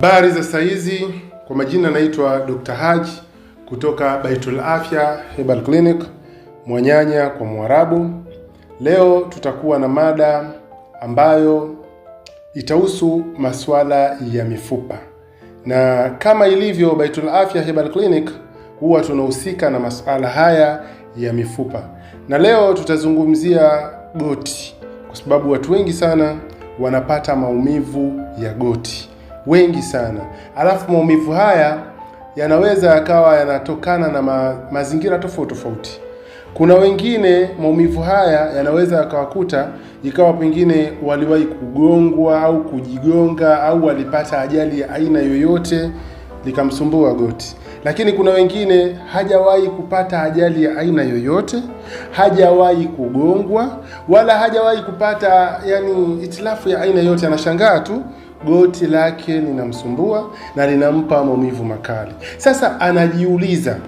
Habari za saizi, kwa majina naitwa Dr. Haji kutoka Baitul Afya Herbal Clinic Mwanyanya kwa Mwarabu. Leo tutakuwa na mada ambayo itahusu masuala ya mifupa, na kama ilivyo Baitul Afya Herbal Clinic huwa tunahusika na masuala haya ya mifupa, na leo tutazungumzia goti, kwa sababu watu wengi sana wanapata maumivu ya goti wengi sana, alafu maumivu haya yanaweza yakawa yanatokana na ma, mazingira tofauti tofauti. Kuna wengine maumivu haya yanaweza yakawakuta ikawa pengine waliwahi kugongwa au kujigonga au walipata ajali ya aina yoyote likamsumbua goti, lakini kuna wengine hajawahi kupata ajali ya aina yoyote, hajawahi kugongwa wala hajawahi kupata yani itilafu ya aina yoyote, anashangaa tu goti lake linamsumbua na linampa maumivu makali. Sasa anajiuliza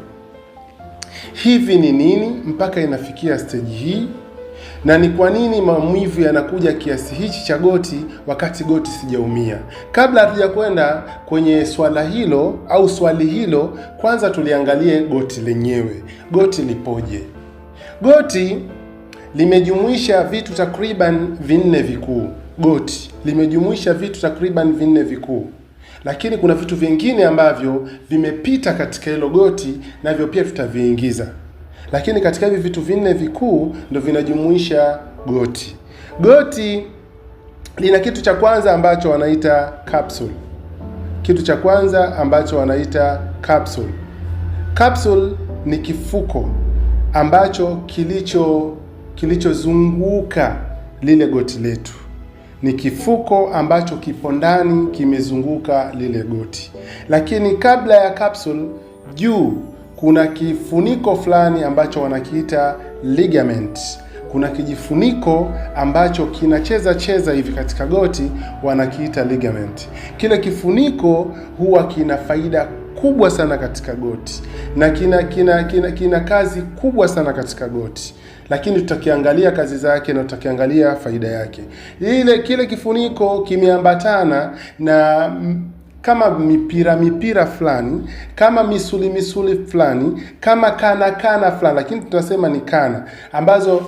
hivi ni nini mpaka inafikia steji hii, na ni kwa nini maumivu yanakuja kiasi hichi cha goti wakati goti sijaumia? Kabla kwenda kwenye swala hilo au swali hilo, kwanza tuliangalie goti lenyewe. Goti lipoje? Goti limejumuisha vitu takriban vinne vikuu goti limejumuisha vitu takriban vinne vikuu, lakini kuna vitu vingine ambavyo vimepita katika hilo goti, navyo pia tutaviingiza. Lakini katika hivi vitu vinne vikuu ndo vinajumuisha goti. Goti lina kitu cha kwanza ambacho wanaita capsule. Kitu cha kwanza ambacho wanaita capsule. Capsule ni kifuko ambacho kilicho kilichozunguka lile goti letu ni kifuko ambacho kipo ndani kimezunguka lile goti, lakini kabla ya capsule juu kuna kifuniko fulani ambacho wanakiita ligament. Kuna kijifuniko ambacho kinacheza cheza hivi katika goti, wanakiita ligament. Kile kifuniko huwa kina faida kubwa sana katika goti na kina, kina, kina, kina kazi kubwa sana katika goti lakini tutakiangalia kazi zake na tutakiangalia faida yake. Ile kile kifuniko kimeambatana na kama mipira mipira fulani kama misuli misuli fulani kama kana kana fulani, lakini tunasema ni kana ambazo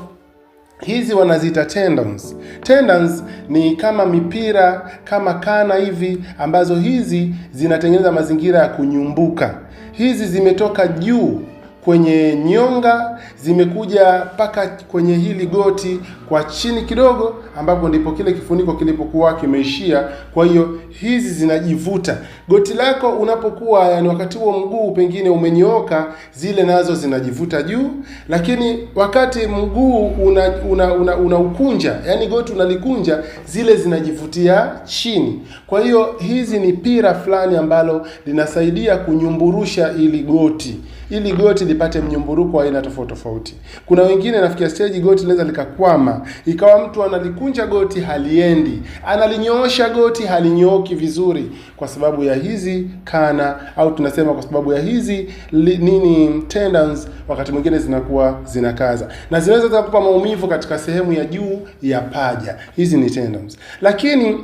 hizi wanaziita tendons. Tendons ni kama mipira kama kana hivi ambazo hizi zinatengeneza mazingira ya kunyumbuka. Hizi zimetoka juu kwenye nyonga, zimekuja mpaka kwenye hili goti kwa chini kidogo, ambapo ndipo kile kifuniko kilipokuwa kimeishia. Kwa hiyo hizi zinajivuta goti lako unapokuwa, yani wakati huo mguu pengine umenyooka, zile nazo zinajivuta juu, lakini wakati mguu unaukunja una, una, una yani goti unalikunja, zile zinajivutia chini. Kwa hiyo hizi ni pira fulani ambalo linasaidia kunyumburusha ili goti ili goti lipate mnyumburuko wa aina tofauti tofauti. Kuna wengine nafikia stage goti linaweza likakwama, ikawa mtu analikunja goti haliendi, analinyoosha goti halinyooki vizuri, kwa sababu ya hizi kana au tunasema kwa sababu ya hizi li, nini tendons, wakati mwingine zinakuwa zinakaza na zinaweza kukupa maumivu katika sehemu ya juu ya paja. Hizi ni tendons, lakini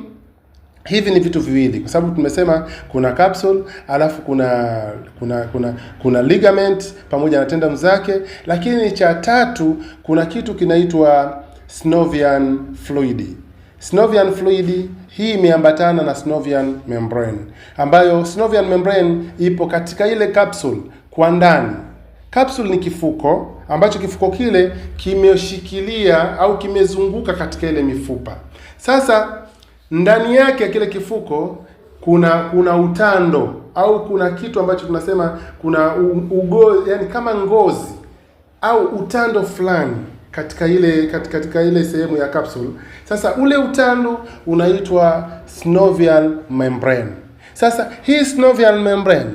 hivi ni vitu viwili, kwa sababu tumesema kuna capsule alafu kuna kuna kuna kuna ligament pamoja na tendon zake, lakini cha tatu kuna kitu kinaitwa synovian fluid. Synovian fluid hii imeambatana na synovian membrane, ambayo synovian membrane ipo katika ile capsule kwa ndani. Capsule ni kifuko ambacho kifuko kile kimeshikilia au kimezunguka katika ile mifupa sasa ndani yake ya kile kifuko kuna kuna utando au kuna kitu ambacho tunasema kuna ugo, yani kama ngozi au utando fulani katika ile katika ile sehemu ya capsule. Sasa ule utando unaitwa synovial membrane. Sasa hii synovial membrane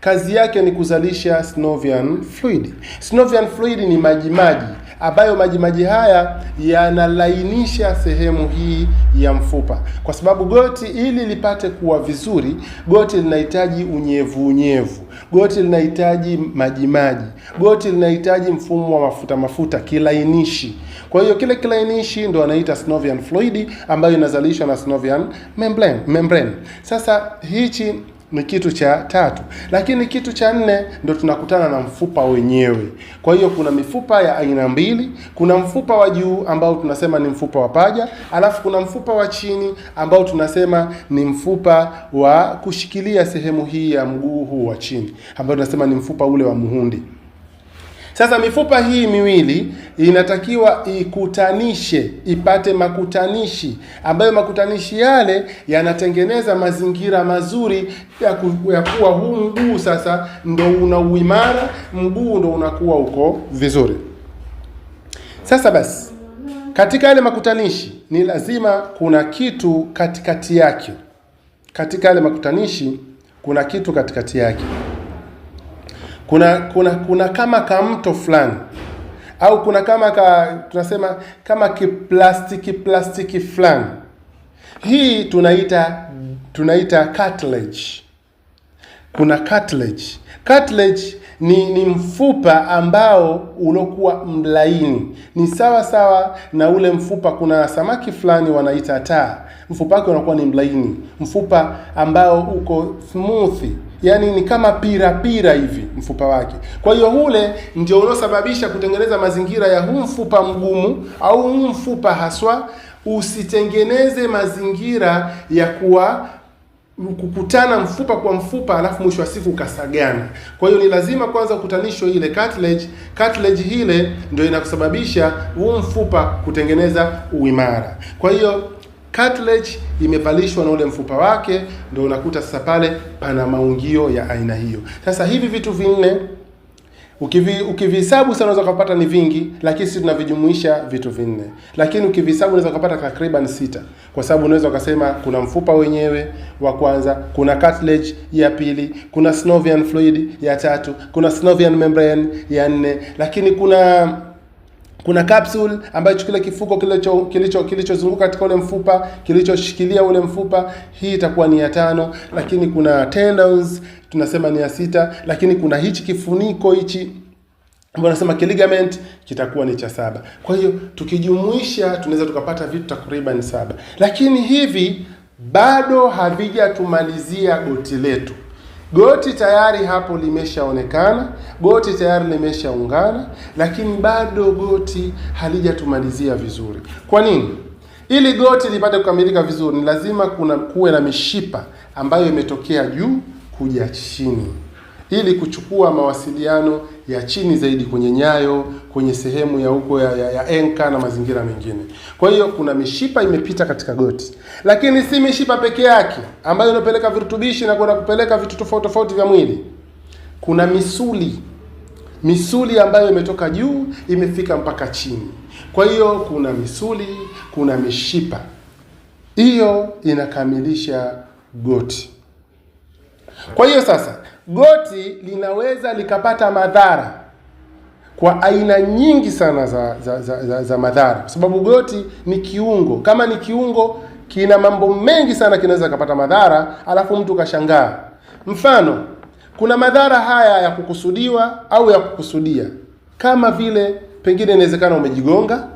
kazi yake ni kuzalisha synovial fluid. Synovial fluid ni majimaji ambayo majimaji haya yanalainisha sehemu hii ya mfupa, kwa sababu goti ili lipate kuwa vizuri, goti linahitaji unyevu unyevu, goti linahitaji majimaji, goti linahitaji mfumo wa mafuta mafuta, kilainishi. Kwa hiyo kile kilainishi ndo anaita synovian fluid ambayo inazalishwa na synovian membrane membrane. Sasa hichi ni kitu cha tatu, lakini kitu cha nne ndo tunakutana na mfupa wenyewe. Kwa hiyo kuna mifupa ya aina mbili, kuna mfupa wa juu ambao tunasema ni mfupa wa paja, alafu kuna mfupa wa chini ambao tunasema ni mfupa wa kushikilia sehemu hii ya mguu huu wa chini, ambao tunasema ni mfupa ule wa muhundi. Sasa mifupa hii miwili inatakiwa ikutanishe, ipate makutanishi ambayo makutanishi yale yanatengeneza mazingira mazuri ya, ku, ya kuwa huu mguu sasa ndo una uimara, mguu ndo unakuwa uko vizuri. Sasa basi katika yale makutanishi ni lazima kuna kitu katikati yake. Katika yale makutanishi kuna kitu katikati yake kuna kuna kuna kama kamto fulani au kuna kama ka, tunasema kama kiplastiki plastiki fulani. Hii tunaita tunaita cartilage. Kuna cartilage. Cartilage ni ni mfupa ambao ulokuwa mlaini, ni sawa sawa na ule mfupa. Kuna samaki fulani wanaita taa, mfupa wake unakuwa ni mlaini, mfupa ambao uko smooth yani ni kama pirapira hivi mfupa wake. Kwa hiyo ule ndio unaosababisha kutengeneza mazingira ya huu mfupa mgumu au huu mfupa haswa usitengeneze mazingira ya kuwa kukutana mfupa kwa mfupa, alafu mwisho wa siku ukasagana. Kwa hiyo ni lazima kwanza ukutanishwe ile cartilage. Cartilage ile ndio inakusababisha huu mfupa kutengeneza uimara. Kwa hiyo cartilage imevalishwa na ule mfupa wake, ndio unakuta sasa pale pana maungio ya aina hiyo. Sasa hivi vitu vinne ukivihesabu sana unaweza kupata ni vingi, lakini sisi tunavijumuisha vitu vinne, lakini ukivihesabu unaweza kupata takriban sita, kwa sababu unaweza ukasema kuna mfupa wenyewe wa kwanza, kuna cartilage ya pili, kuna synovian fluid ya tatu, kuna synovian membrane ya nne, lakini kuna kuna capsule ambayo kile kifuko kilichozunguka kilicho, kilicho katika ule mfupa kilichoshikilia ule mfupa, hii itakuwa ni ya tano. Lakini kuna tendons tunasema ni ya sita, lakini kuna hichi kifuniko hichi ambayo nasema ligament kitakuwa ni cha saba. Kwa hiyo tukijumuisha tunaweza tukapata vitu takriban saba, lakini hivi bado havijatumalizia goti letu. Goti tayari hapo limeshaonekana, goti tayari limeshaungana, lakini bado goti halijatumalizia vizuri. Kwa nini? Ili goti lipate kukamilika vizuri, ni lazima kuna kuwe na mishipa ambayo imetokea juu kuja chini ili kuchukua mawasiliano ya chini zaidi kwenye nyayo, kwenye sehemu ya huko ya, ya, ya enka na mazingira mengine. Kwa hiyo kuna mishipa imepita katika goti, lakini si mishipa peke yake ambayo inapeleka virutubishi na kwenda kupeleka vitu tofauti tofauti vya mwili. Kuna misuli misuli ambayo imetoka juu imefika mpaka chini. Kwa hiyo kuna misuli, kuna mishipa, hiyo inakamilisha goti. Kwa hiyo sasa goti linaweza likapata madhara kwa aina nyingi sana za, za, za, za, za madhara, kwa sababu goti ni kiungo. Kama ni kiungo, kina mambo mengi sana, kinaweza kapata madhara, alafu mtu kashangaa. Mfano, kuna madhara haya ya kukusudiwa au ya kukusudia, kama vile pengine inawezekana umejigonga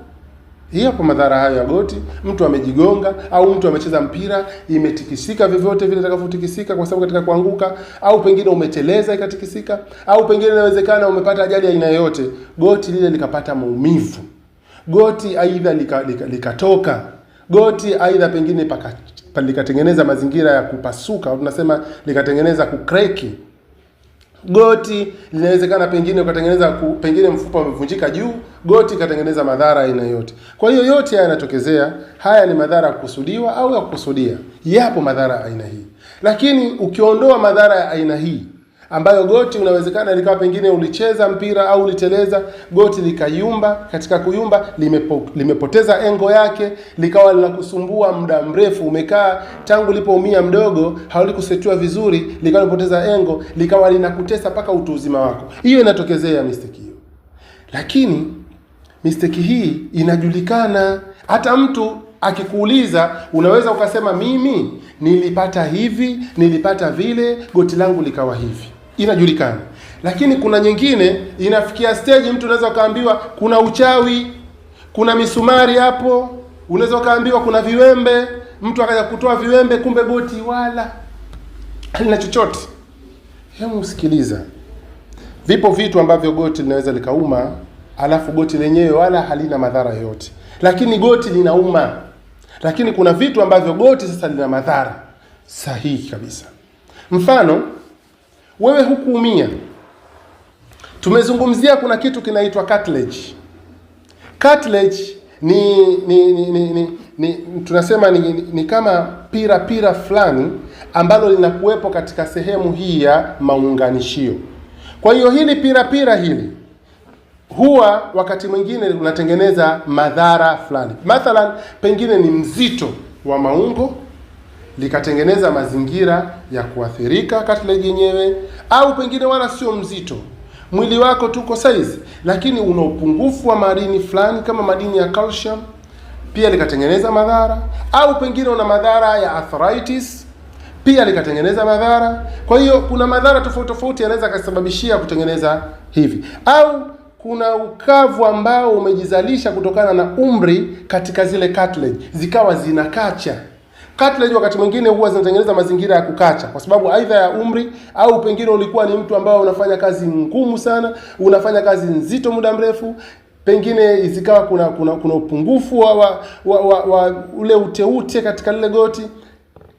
Yapo madhara hayo ya goti, mtu amejigonga au mtu amecheza mpira imetikisika vyovyote vile itakavyotikisika, kwa sababu katika kuanguka, au pengine umeteleza ikatikisika, au pengine inawezekana umepata ajali aina yoyote, goti lile likapata maumivu, goti aidha likatoka lika, lika goti aidha pengine likatengeneza mazingira ya kupasuka, tunasema likatengeneza kukreki goti linawezekana, pengine ukatengeneza, pengine mfupa umevunjika juu, goti katengeneza madhara aina yote. Kwa hiyo yote haya yanatokezea, haya ni madhara ya kukusudiwa au ya kukusudia. Yapo madhara ya aina hii, lakini ukiondoa madhara ya aina hii ambayo goti unawezekana likawa pengine ulicheza mpira au uliteleza, goti likayumba. Katika kuyumba limepo, limepoteza engo yake, likawa linakusumbua muda mrefu, umekaa tangu ulipoumia mdogo, haulikusetiwa vizuri, likawa limepoteza engo, likawa linakutesa mpaka utu uzima wako. Hiyo inatokezea mistake hiyo, lakini mistake hii inajulikana. Hata mtu akikuuliza unaweza ukasema mimi nilipata hivi, nilipata vile, goti langu likawa hivi inajulikana. Lakini kuna nyingine inafikia stage, mtu unaweza ukaambiwa kuna uchawi, kuna misumari hapo, unaweza ukaambiwa kuna viwembe, mtu akaja kutoa viwembe, kumbe boti wala halina chochote. Hebu sikiliza, vipo vitu ambavyo goti linaweza likauma, alafu goti lenyewe wala halina madhara yoyote, lakini goti linauma. Lakini kuna vitu ambavyo goti sasa lina madhara sahihi kabisa, mfano wewe hukuumia. Tumezungumzia kuna kitu kinaitwa cartilage. Cartilage ni ni, ni, ni, ni, ni tunasema ni, ni, ni kama pira pira fulani ambalo linakuwepo katika sehemu hii ya maunganishio. Kwa hiyo hili pira pira hili huwa wakati mwingine unatengeneza madhara fulani, mathalan pengine ni mzito wa maungo likatengeneza mazingira ya kuathirika cartilage yenyewe, au pengine wala sio mzito mwili wako tuko size, lakini una upungufu wa madini fulani kama madini ya calcium, pia likatengeneza madhara, au pengine una madhara ya arthritis pia likatengeneza madhara. Kwa hiyo kuna madhara tofauti tofauti yanaweza kasababishia kutengeneza hivi, au kuna ukavu ambao umejizalisha kutokana na umri katika zile cartilage zikawa zinakacha cartilage wakati mwingine huwa zinatengeneza mazingira ya kukacha, kwa sababu aidha ya umri au pengine ulikuwa ni mtu ambaye unafanya kazi ngumu sana, unafanya kazi nzito muda mrefu pengine zikawa kuna kuna kuna upungufu wa, wa, wa, wa, wa ule uteute katika lile goti,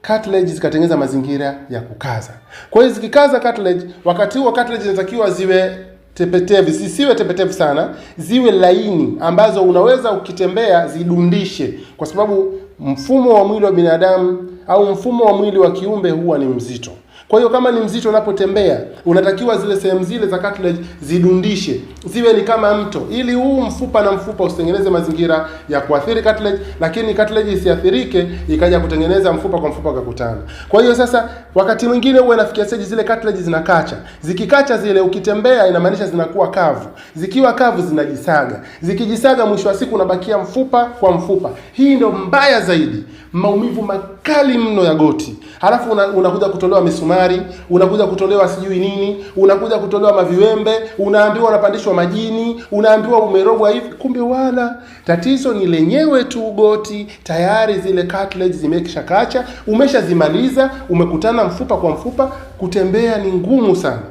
cartilage zikatengeneza mazingira ya kukaza. Kwa hiyo zikikaza cartilage, wakati huo cartilage zinatakiwa ziwe tepetevu, zisiwe tepetevu sana, ziwe laini ambazo unaweza ukitembea zidundishe, kwa sababu mfumo wa mwili wa binadamu au mfumo wa mwili wa kiumbe huwa ni mzito. Kwa hiyo kama ni mzito unapotembea, unatakiwa zile sehemu zile za cartilage zidundishe, ziwe ni kama mto, ili huu mfupa na mfupa usitengeneze mazingira ya kuathiri cartilage, lakini cartilage isiathirike ikaja kutengeneza mfupa kwa mfupa kakutana. Kwa hiyo sasa, wakati mwingine huwa inafikia stage zile cartilage zinakacha. Zikikacha zile, ukitembea inamaanisha zinakuwa kavu. Zikiwa kavu zinajisaga, zikijisaga, mwisho wa siku unabakia mfupa kwa mfupa. Hii ndio mbaya zaidi, maumivu ma kali mno ya goti, halafu una, unakuja kutolewa misumari, unakuja kutolewa sijui nini, unakuja kutolewa maviwembe, unaambiwa unapandishwa majini, unaambiwa umerogwa hivi, kumbe wala tatizo ni lenyewe tu goti. Tayari zile cartilage zimekisha kacha, umeshazimaliza, umekutana mfupa kwa mfupa, kutembea ni ngumu sana.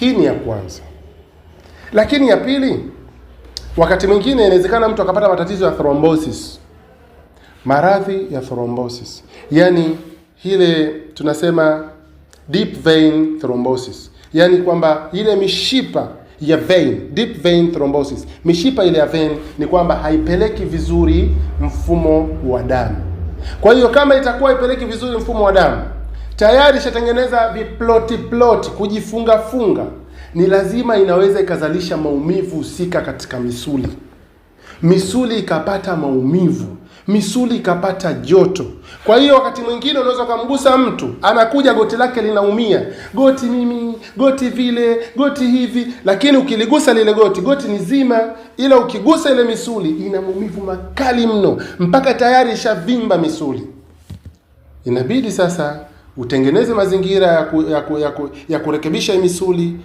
Hii ni ya kwanza, lakini ya pili, wakati mwingine inawezekana mtu akapata matatizo ya thrombosis maradhi ya thrombosis, yani ile tunasema deep vein thrombosis, yani kwamba ile mishipa ya vein, deep vein thrombosis, mishipa ile ya vein ni kwamba haipeleki vizuri mfumo wa damu. Kwa hiyo kama itakuwa haipeleki vizuri mfumo wa damu, tayari ishatengeneza viploti ploti, kujifunga funga, ni lazima inaweza ikazalisha maumivu husika katika misuli, misuli ikapata maumivu misuli ikapata joto. Kwa hiyo wakati mwingine unaweza ukamgusa mtu anakuja goti lake linaumia, goti mimi, goti vile, goti hivi, lakini ukiligusa lile goti, goti ni zima, ila ukigusa ile misuli ina maumivu makali mno, mpaka tayari ishavimba misuli. Inabidi sasa utengeneze mazingira ya, ku, ya, ku, ya, ku, ya kurekebisha misuli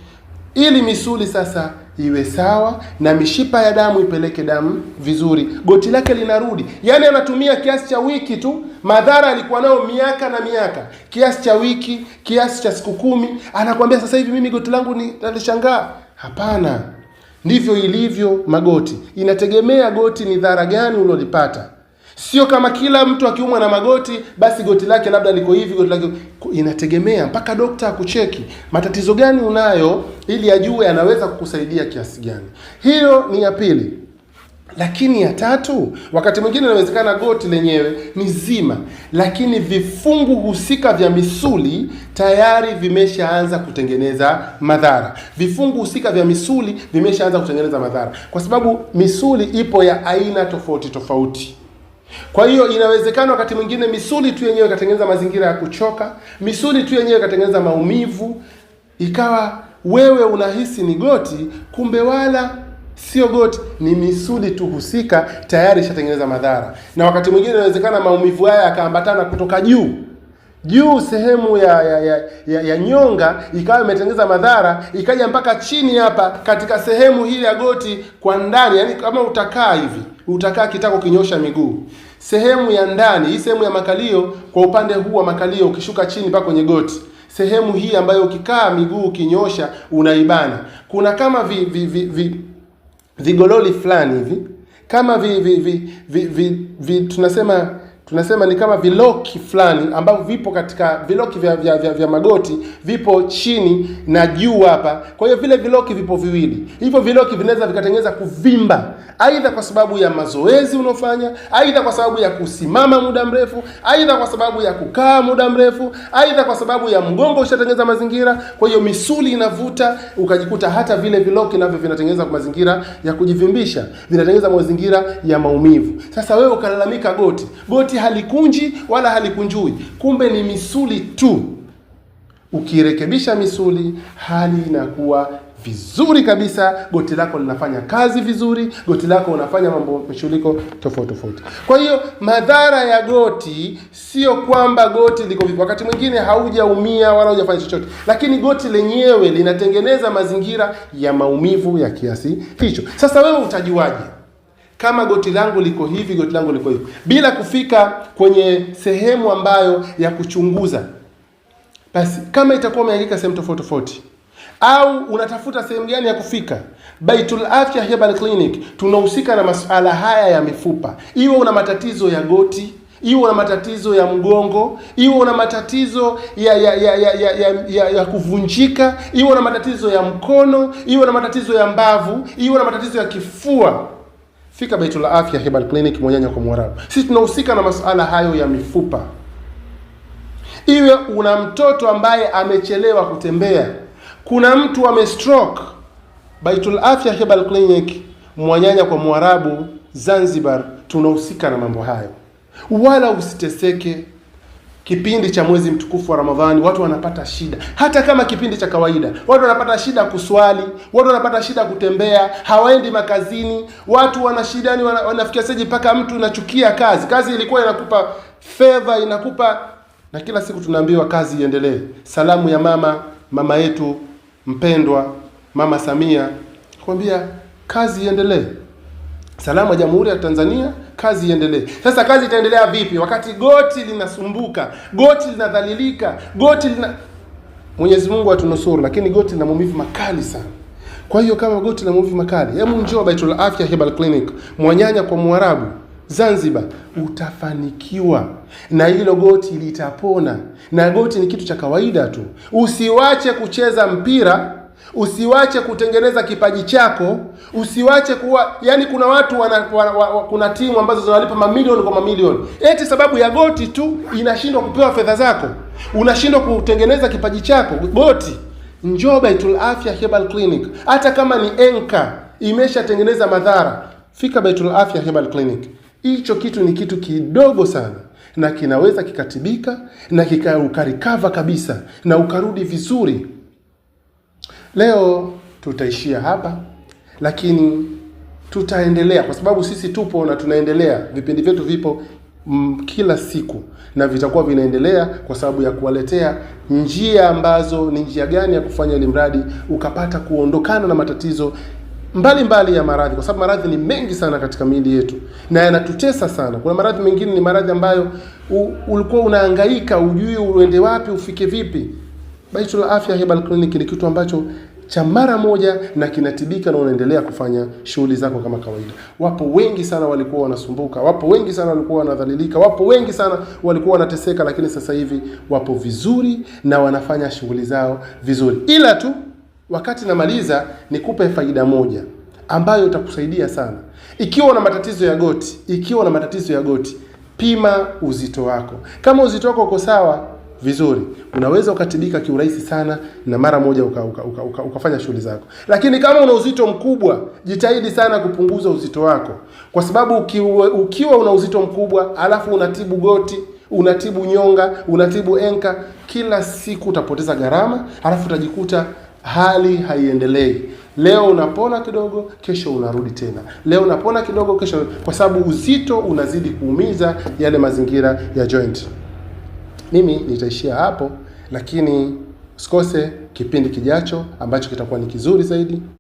ili misuli sasa iwe sawa na mishipa ya damu ipeleke damu vizuri, goti lake linarudi. yani anatumia kiasi cha wiki tu, madhara alikuwa nayo miaka na miaka, kiasi cha wiki, kiasi cha siku kumi. Anakuambia sasa hivi mimi goti langu nalishangaa. Hapana, ndivyo ilivyo magoti, inategemea goti ni dhara gani ulolipata. Sio kama kila mtu akiumwa na magoti basi goti lake labda liko hivi, goti lake inategemea mpaka dokta akucheki matatizo gani unayo, ili ajue anaweza kukusaidia kiasi gani. Hiyo ni ya pili. Lakini ya tatu, wakati mwingine inawezekana goti lenyewe ni zima, lakini vifungu husika vya misuli tayari vimeshaanza kutengeneza madhara. Vifungu husika vya misuli vimeshaanza kutengeneza madhara, kwa sababu misuli ipo ya aina tofauti tofauti. Kwa hiyo inawezekana wakati mwingine misuli tu yenyewe ikatengeneza mazingira ya kuchoka, misuli tu yenyewe ikatengeneza maumivu, ikawa wewe unahisi ni goti, kumbe wala sio goti, ni misuli tu husika tayari ishatengeneza madhara. Na wakati mwingine inawezekana maumivu haya yakaambatana kutoka juu juu sehemu ya ya, ya, ya, ya nyonga ikawa imetengeneza madhara, ikaja mpaka chini hapa katika sehemu hii ya goti kwa ndani, yani kama utakaa hivi utakaa kitako kinyosha miguu. Sehemu ya ndani, hii sehemu ya makalio, kwa upande huu wa makalio ukishuka chini paka kwenye goti, sehemu hii ambayo ukikaa miguu ukinyosha unaibana, kuna kama vi, vi, vi, vi, vigololi fulani hivi kama vi, vi, vi, vi, vi, vi tunasema tunasema ni kama viloki fulani ambavyo vipo katika viloki vya, vya, vya, vya magoti vipo chini na juu hapa. Kwa hiyo vile viloki vipo viwili, hivyo viloki vinaweza vikatengeneza kuvimba, aidha kwa sababu ya mazoezi unaofanya, aidha kwa sababu ya kusimama muda mrefu, aidha kwa sababu ya kukaa muda mrefu, aidha kwa sababu ya mgongo ushatengeneza mazingira. Kwa hiyo misuli inavuta, ukajikuta hata vile viloki navyo vinatengeneza mazingira ya kujivimbisha, vinatengeneza mazingira ya maumivu. Sasa wewe ukalalamika goti goti halikunji wala halikunjui, kumbe ni misuli tu. Ukirekebisha misuli, hali inakuwa vizuri kabisa, goti lako linafanya kazi vizuri, goti lako unafanya mambo mshuliko tofauti tofauti. Kwa hiyo madhara ya goti sio kwamba goti liko vipi, wakati mwingine haujaumia wala hujafanya chochote, lakini goti lenyewe linatengeneza mazingira ya maumivu ya kiasi hicho. Sasa wewe utajuaje? kama goti langu liko hivi, goti langu liko hivi, bila kufika kwenye sehemu ambayo ya kuchunguza. Basi kama itakuwa umeangika sehemu tofauti tofauti au unatafuta sehemu gani ya kufika, Baitul Afya Herbal Clinic tunahusika na masuala haya ya mifupa. Iwe una matatizo ya goti, iwe una matatizo ya mgongo, iwe una matatizo ya ya ya ya, ya, ya, ya, ya kuvunjika, iwe una matatizo ya mkono, iwe una matatizo ya mbavu, iwe una matatizo ya kifua fika Baitul Afya hebal Clinic Mwananyanya kwa Mwarabu. Sisi tunahusika na masuala hayo ya mifupa. Iwe una mtoto ambaye amechelewa kutembea, kuna mtu ame stroke, Baitul Afya hebal Clinic Mwanyanya kwa Mwarabu Zanzibar tunahusika na mambo hayo, wala usiteseke kipindi cha mwezi mtukufu wa Ramadhani watu wanapata shida, hata kama kipindi cha kawaida watu wanapata shida kuswali, watu wanapata shida kutembea, hawaendi makazini, watu wana shida, ni wanafikia seji mpaka mtu nachukia kazi. Kazi ilikuwa inakupa fedha, inakupa na kila siku tunaambiwa kazi iendelee. Salamu ya mama mama yetu mpendwa, Mama Samia kwambia kazi iendelee salama Jamhuri ya Tanzania, kazi iendelee. Sasa kazi itaendelea vipi wakati goti linasumbuka, goti linadhalilika, goti lina... Mwenyezi Mungu atunusuru, lakini goti lina maumivu makali sana. Kwa hiyo kama goti lina maumivu makali, hebu njoo Baitul Afya Herbal Clinic, Mwanyanya kwa Mwarabu Zanzibar, utafanikiwa na hilo goti litapona, na goti ni kitu cha kawaida tu. Usiwache kucheza mpira Usiwache kutengeneza kipaji chako, usiwache kuwa yani. Kuna watu wana, wana, wana, kuna timu ambazo zinawalipa mamilioni kwa mamilioni, eti sababu ya goti tu inashindwa kupewa fedha zako, unashindwa kutengeneza kipaji chako. Goti, njoo Baitul Afya Herbal Clinic. Hata kama ni enka imeshatengeneza madhara, fika Baitul Afya Herbal Clinic. Hicho kitu ni kitu kidogo sana na kinaweza kikatibika na kikakarikava kabisa na ukarudi vizuri. Leo tutaishia hapa, lakini tutaendelea kwa sababu sisi tupo na tunaendelea. Vipindi vyetu vipo mm, kila siku na vitakuwa vinaendelea kwa sababu ya kuwaletea njia ambazo ni njia gani ya kufanya ili mradi ukapata kuondokana na matatizo mbalimbali mbali ya maradhi, kwa sababu maradhi ni mengi sana katika miili yetu na yanatutesa sana. Kuna maradhi mengine ni maradhi ambayo u, ulikuwa unahangaika ujui uende wapi ufike vipi Baitu la Afya Herbal Clinic ni kitu ambacho cha mara moja na kinatibika na unaendelea kufanya shughuli zako kama kawaida. Wapo wengi sana walikuwa wanasumbuka, wapo wengi sana walikuwa wanadhalilika, wapo wengi sana walikuwa wanateseka, lakini sasa hivi wapo vizuri na wanafanya shughuli zao vizuri. Ila tu wakati namaliza, nikupe faida moja ambayo itakusaidia sana. Ikiwa una matatizo ya goti, ikiwa una matatizo ya goti, pima uzito wako. Kama uzito wako uko sawa vizuri, unaweza ukatibika kiurahisi sana na mara moja uka, uka, uka, uka, ukafanya shughuli zako. Lakini kama una uzito mkubwa, jitahidi sana kupunguza uzito wako, kwa sababu ukiwa, ukiwa una uzito mkubwa alafu unatibu goti unatibu nyonga, unatibu enka, kila siku utapoteza gharama, alafu utajikuta hali haiendelei. Leo unapona kidogo, kesho unarudi tena, leo unapona kidogo, kesho, kwa sababu uzito unazidi kuumiza yale mazingira ya joint. Mimi nitaishia hapo, lakini usikose kipindi kijacho ambacho kitakuwa ni kizuri zaidi.